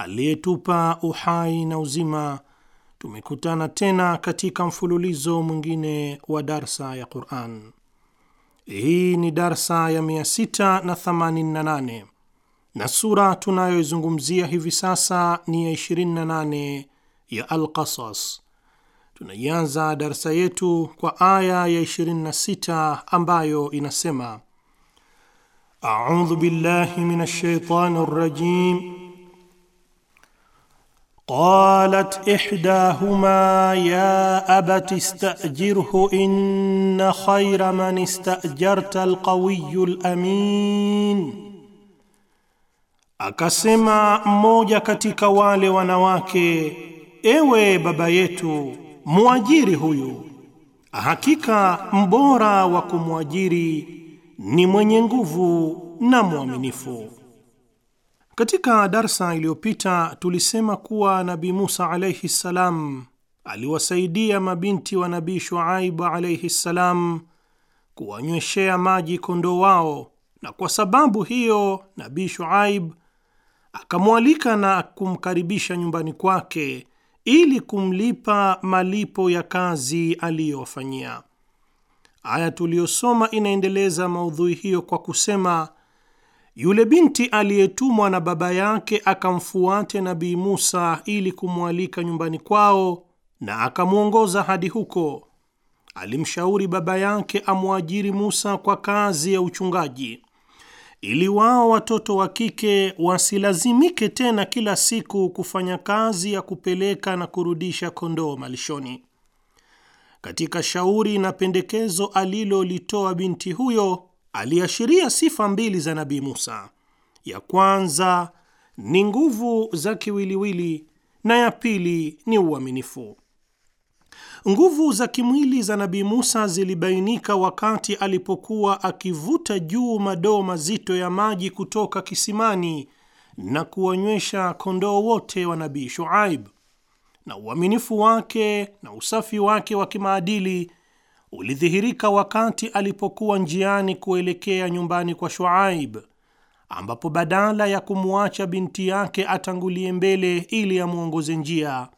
aliyetupa uhai na uzima, tumekutana tena katika mfululizo mwingine wa darsa ya Quran. Hii ni darsa ya 688 na sura tunayoizungumzia hivi sasa ni ya 28 ya Alqasas. Tunaianza darsa yetu kwa aya ya 26 ambayo inasema: audhu billahi minash shaitani rajim قالت ihdahuma يا abati استأجره إن خير من استأجرت القوي الأمين Akasema mmoja katika wale wanawake, ewe baba yetu, muajiri huyu, hakika mbora wa kumwajiri ni mwenye nguvu na mwaminifu. Katika darsa iliyopita tulisema kuwa Nabi Musa alaihi ssalam aliwasaidia mabinti wa nabi Shuaib alaihi ssalam kuwanyweshea maji kondoo wao, na kwa sababu hiyo nabi Shuaib akamwalika na kumkaribisha nyumbani kwake ili kumlipa malipo ya kazi aliyowafanyia. Aya tuliyosoma inaendeleza maudhui hiyo kwa kusema yule binti aliyetumwa na baba yake akamfuate Nabii Musa ili kumwalika nyumbani kwao na akamwongoza hadi huko. Alimshauri baba yake amwajiri Musa kwa kazi ya uchungaji ili wao watoto wa kike wasilazimike tena kila siku kufanya kazi ya kupeleka na kurudisha kondoo malishoni. Katika shauri na pendekezo alilolitoa binti huyo aliashiria sifa mbili za Nabii Musa. Ya kwanza ni nguvu za kiwiliwili na ya pili ni uaminifu. Nguvu za kimwili za Nabii Musa zilibainika wakati alipokuwa akivuta juu madoo mazito ya maji kutoka kisimani na kuwanywesha kondoo wote wa Nabii Shuaib, na uaminifu wake na usafi wake wa kimaadili ulidhihirika wakati alipokuwa njiani kuelekea nyumbani kwa Shuaib, ambapo badala ya kumwacha binti yake atangulie mbele ili amwongoze njia,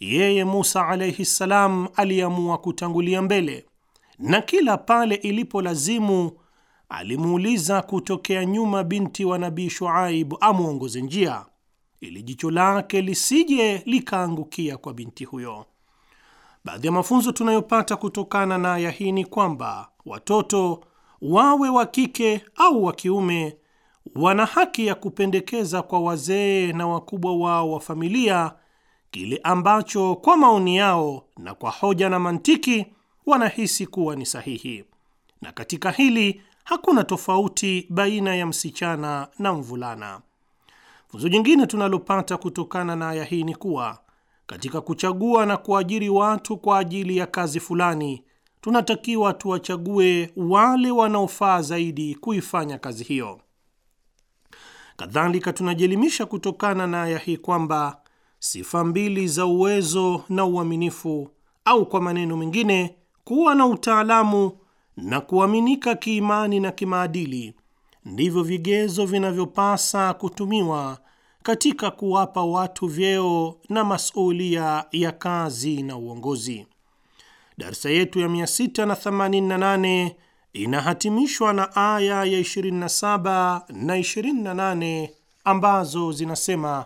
yeye Musa alaihi ssalam aliamua kutangulia mbele, na kila pale ilipolazimu alimuuliza kutokea nyuma binti wa nabii Shuaib amwongoze njia ili jicho lake lisije likaangukia kwa binti huyo. Baadhi ya mafunzo tunayopata kutokana na aya hii ni kwamba watoto wawe wa kike au wa kiume wana haki ya kupendekeza kwa wazee na wakubwa wao wa familia kile ambacho kwa maoni yao na kwa hoja na mantiki wanahisi kuwa ni sahihi, na katika hili hakuna tofauti baina ya msichana na mvulana. Funzo jingine tunalopata kutokana na aya hii ni kuwa katika kuchagua na kuajiri watu kwa ajili ya kazi fulani, tunatakiwa tuwachague wale wanaofaa zaidi kuifanya kazi hiyo. Kadhalika, tunajielimisha kutokana na aya hii kwamba sifa mbili za uwezo na uaminifu, au kwa maneno mengine, kuwa na utaalamu na kuaminika kiimani na kimaadili, ndivyo vigezo vinavyopasa kutumiwa katika kuwapa watu vyeo na masulia ya kazi na uongozi. Darsa yetu ya 688 inahatimishwa na aya ya 27 na 28 ambazo zinasema: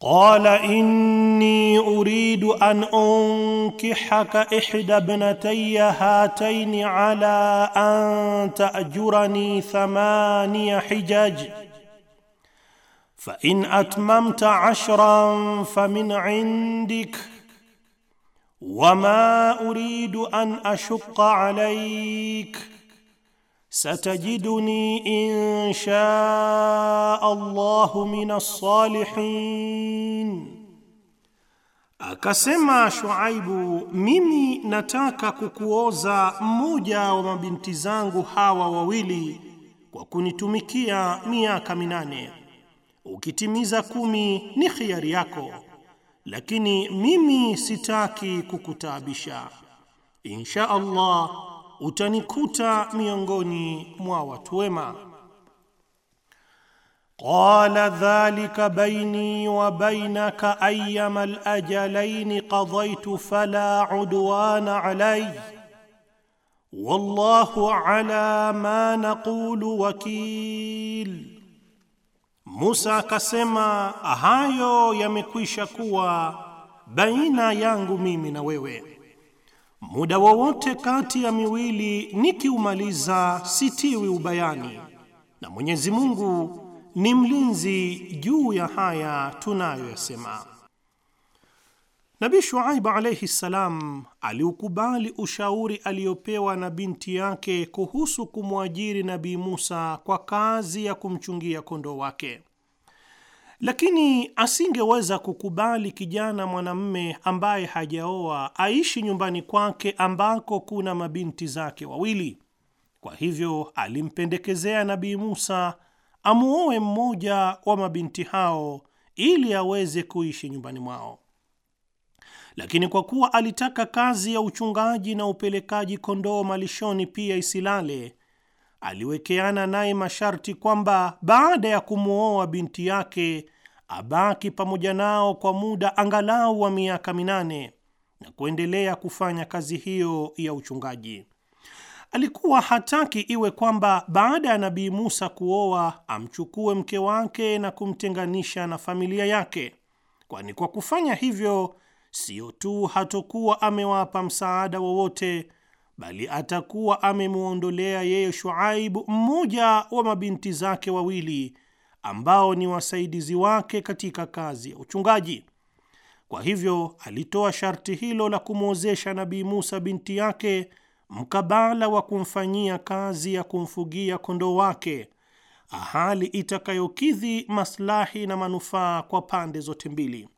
Qala inni uridu an unkihaka ihda bnataya hataini ala an taajurani thamaniya hijaj fa in atmamta ashran min indik wama uridu an ashuqa alayk satajiduni insha Allahu as salihin, akasema Shuaibu, mimi nataka kukuoza mmoja wa mabinti zangu hawa wawili kwa kunitumikia miaka minane ukitimiza kumi ni khiari yako, lakini mimi sitaki kukutaabisha. Insha Allah utanikuta miongoni mwa watu wema. Qala dhalika baini wa bainaka ayyama alajalaini qadaytu fala udwana alayya wallahu ala ma naqulu wakil Musa akasema, hayo yamekwisha kuwa baina yangu mimi na wewe, muda wowote kati ya miwili nikiumaliza sitiwi ubayani, na Mwenyezi Mungu ni mlinzi juu ya haya tunayoyasema. Nabi Shuaib alaihi ssalam aliukubali ushauri aliyopewa na binti yake kuhusu kumwajiri Nabi Musa kwa kazi ya kumchungia kondoo wake, lakini asingeweza kukubali kijana mwanamme ambaye hajaoa aishi nyumbani kwake ambako kuna mabinti zake wawili. Kwa hivyo alimpendekezea Nabii Musa amuoe mmoja wa mabinti hao ili aweze kuishi nyumbani mwao lakini kwa kuwa alitaka kazi ya uchungaji na upelekaji kondoo malishoni pia isilale, aliwekeana naye masharti kwamba baada ya kumwoa binti yake abaki pamoja nao kwa muda angalau wa miaka minane na kuendelea kufanya kazi hiyo ya uchungaji. Alikuwa hataki iwe kwamba baada ya Nabii Musa kuoa amchukue mke wake na kumtenganisha na familia yake, kwani kwa kufanya hivyo sio tu hatokuwa amewapa msaada wowote, bali atakuwa amemwondolea yeye Shuaibu mmoja wa mabinti zake wawili ambao ni wasaidizi wake katika kazi ya uchungaji. Kwa hivyo alitoa sharti hilo la kumwozesha Nabii Musa binti yake mkabala wa kumfanyia kazi ya kumfugia kondoo wake, ahali itakayokidhi maslahi na manufaa kwa pande zote mbili.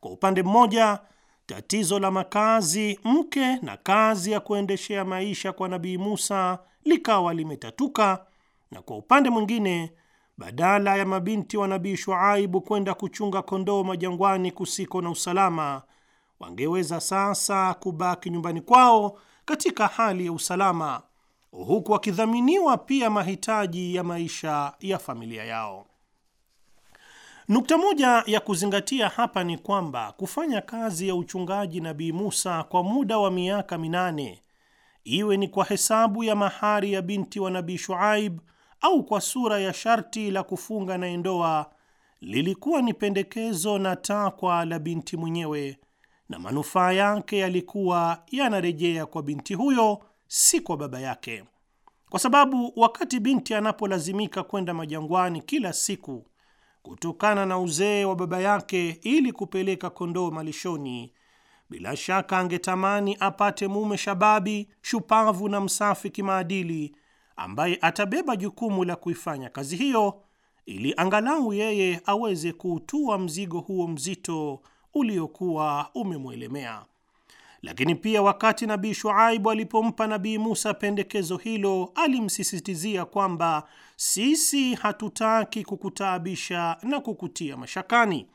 Kwa upande mmoja tatizo la makazi, mke na kazi ya kuendeshea maisha kwa Nabii Musa likawa limetatuka, na kwa upande mwingine, badala ya mabinti wa Nabii Shuaibu kwenda kuchunga kondoo majangwani kusiko na usalama, wangeweza sasa kubaki nyumbani kwao katika hali ya usalama, huku wakidhaminiwa pia mahitaji ya maisha ya familia yao. Nukta moja ya kuzingatia hapa ni kwamba kufanya kazi ya uchungaji Nabii Musa kwa muda wa miaka minane, iwe ni kwa hesabu ya mahari ya binti wa Nabii Shuaib au kwa sura ya sharti la kufunga na ndoa, lilikuwa ni pendekezo na takwa la binti mwenyewe, na manufaa yake yalikuwa yanarejea kwa binti huyo, si kwa baba yake, kwa sababu wakati binti anapolazimika kwenda majangwani kila siku kutokana na uzee wa baba yake ili kupeleka kondoo malishoni, bila shaka angetamani apate mume shababi, shupavu na msafi kimaadili, ambaye atabeba jukumu la kuifanya kazi hiyo ili angalau yeye aweze kuutua mzigo huo mzito uliokuwa umemwelemea. Lakini pia wakati Nabii Shuaibu alipompa Nabii Musa pendekezo hilo, alimsisitizia kwamba sisi hatutaki kukutaabisha na kukutia mashakani,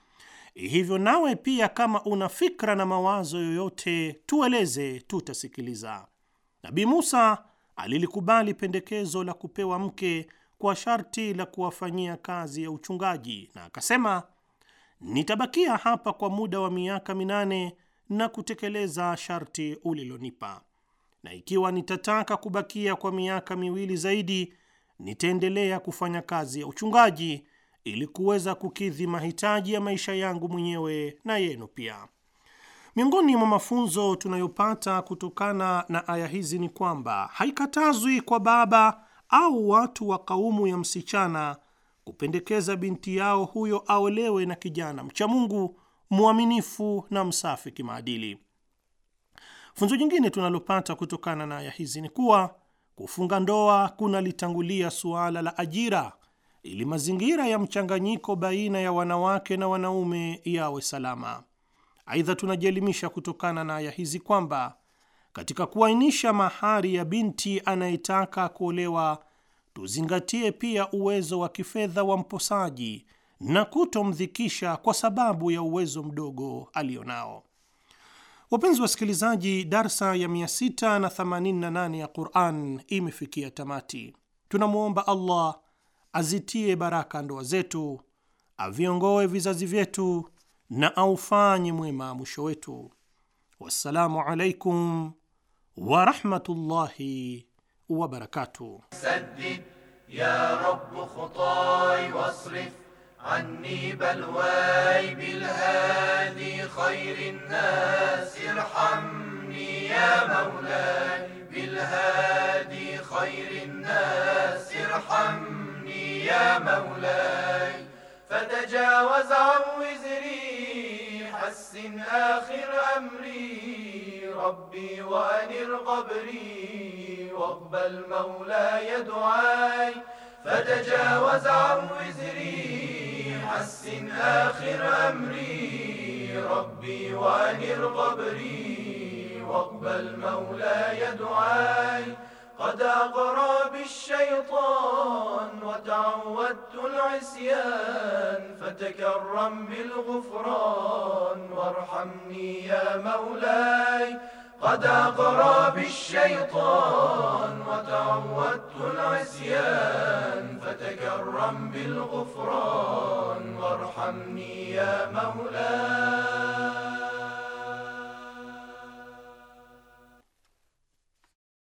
hivyo nawe pia kama una fikra na mawazo yoyote tueleze, tutasikiliza. Nabii Musa alilikubali pendekezo la kupewa mke kwa sharti la kuwafanyia kazi ya uchungaji, na akasema, nitabakia hapa kwa muda wa miaka minane na kutekeleza sharti ulilonipa, na ikiwa nitataka kubakia kwa miaka miwili zaidi, nitaendelea kufanya kazi ya uchungaji ili kuweza kukidhi mahitaji ya maisha yangu mwenyewe na yenu pia. Miongoni mwa mafunzo tunayopata kutokana na aya hizi ni kwamba haikatazwi kwa baba au watu wa kaumu ya msichana kupendekeza binti yao huyo aolewe na kijana mcha Mungu mwaminifu na msafi kimaadili. Funzo jingine tunalopata kutokana na aya hizi ni kuwa kufunga ndoa kunalitangulia suala la ajira ili mazingira ya mchanganyiko baina ya wanawake na wanaume yawe salama. Aidha, tunajielimisha kutokana na aya hizi kwamba katika kuainisha mahari ya binti anayetaka kuolewa tuzingatie pia uwezo wa kifedha wa mposaji na kutomdhikisha kwa sababu ya uwezo mdogo aliyo nao Wapenzi wasikilizaji, darsa ya 688 ya Quran imefikia tamati. Tunamwomba Allah azitie baraka ndoa zetu, aviongoe vizazi vyetu na aufanye mwema mwisho wetu. Wassalamu alaikum warahmatullahi wabarakatuh. عني بلواي بالهادي خير الناس ارحمني يا مولاي بالهادي خير الناس ارحمني يا مولاي فتجاوز عن وزري حسن آخر أمري ربي وأنر قبري واقبل مولاي دعاي فتجاوز عن وزري حسن آخر أمري ربي وانر قبري واقبل مولاي دعاي قد أغرى بالشيطان وتعودت العصيان فتكرم بالغفران وارحمني يا مولاي قد أقرى بالشيطان وتعودت العصيان فتكرم بالغفران وارحمني يا مولاي